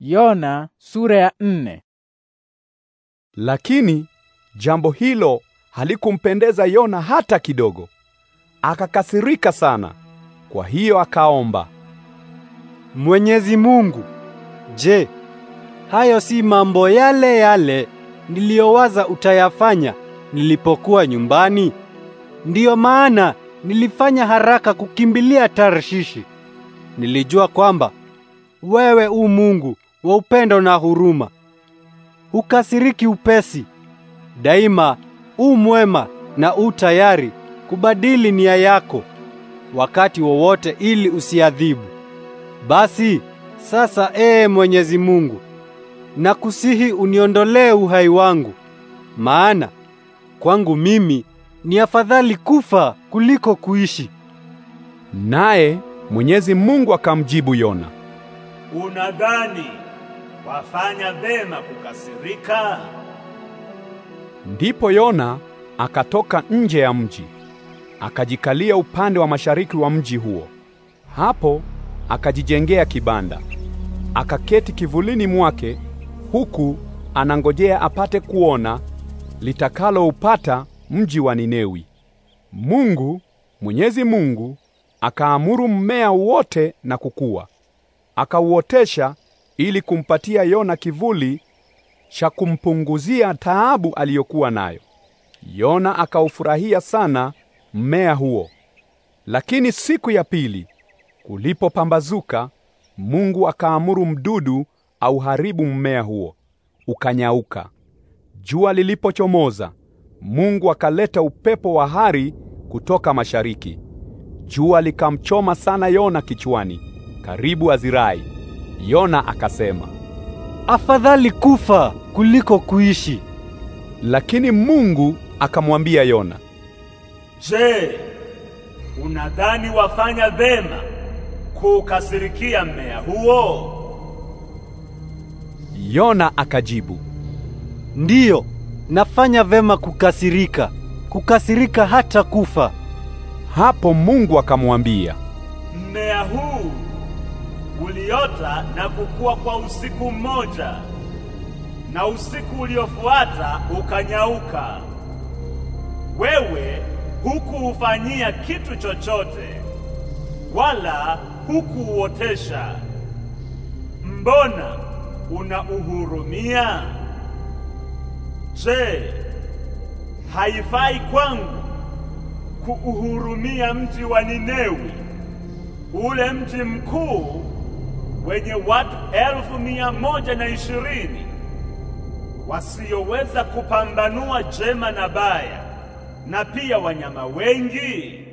Yona sura ya nne. Lakini jambo hilo halikumpendeza Yona hata kidogo. Akakasirika sana. Kwa hiyo akaomba, Mwenyezi Mungu, je, hayo si mambo yale yale niliyowaza utayafanya nilipokuwa nyumbani? Ndiyo maana nilifanya haraka kukimbilia Tarshishi. Nilijua kwamba wewe u Mungu wa upendo na huruma, hukasiriki upesi, daima u mwema na u tayari kubadili nia yako wakati wowote ili usiadhibu. Basi sasa, ee Mwenyezi Mungu, nakusihi uniondolee uhai wangu, maana kwangu mimi ni afadhali kufa kuliko kuishi. Naye Mwenyezi Mungu akamjibu Yona, unadhani wafanya vema kukasirika? Ndipo Yona akatoka nje ya mji, akajikalia upande wa mashariki wa mji huo. Hapo akajijengea kibanda, akaketi kivulini mwake, huku anangojea apate kuona litakaloupata mji wa Ninewi. Mungu Mwenyezi Mungu akaamuru mmea wote na kukua, akauotesha ili kumpatia Yona kivuli cha kumpunguzia taabu aliyokuwa nayo. Yona akaufurahia sana mmea huo. Lakini siku ya pili kulipopambazuka, Mungu akaamuru mdudu auharibu mmea huo, ukanyauka. Jua lilipochomoza, Mungu akaleta upepo wa hari kutoka mashariki. Jua likamchoma sana Yona kichwani, karibu Azirai. Yona akasema, afadhali kufa kuliko kuishi. Lakini Mungu akamwambia Yona, Je, unadhani wafanya vema kukasirikia mmea huo? Yona akajibu, ndiyo, nafanya vema kukasirika, kukasirika hata kufa. Hapo Mungu akamwambia, mmea huu uliota na kukua kwa usiku mmoja, na usiku uliofuata ukanyauka. Wewe hukuufanyia kitu chochote, wala hukuuotesha. Mbona unauhurumia? Je, haifai kwangu kuuhurumia mji wa Ninewi, ule mji mkuu wenye watu elfu mia moja na ishirini wasioweza kupambanua jema na baya na pia wanyama wengi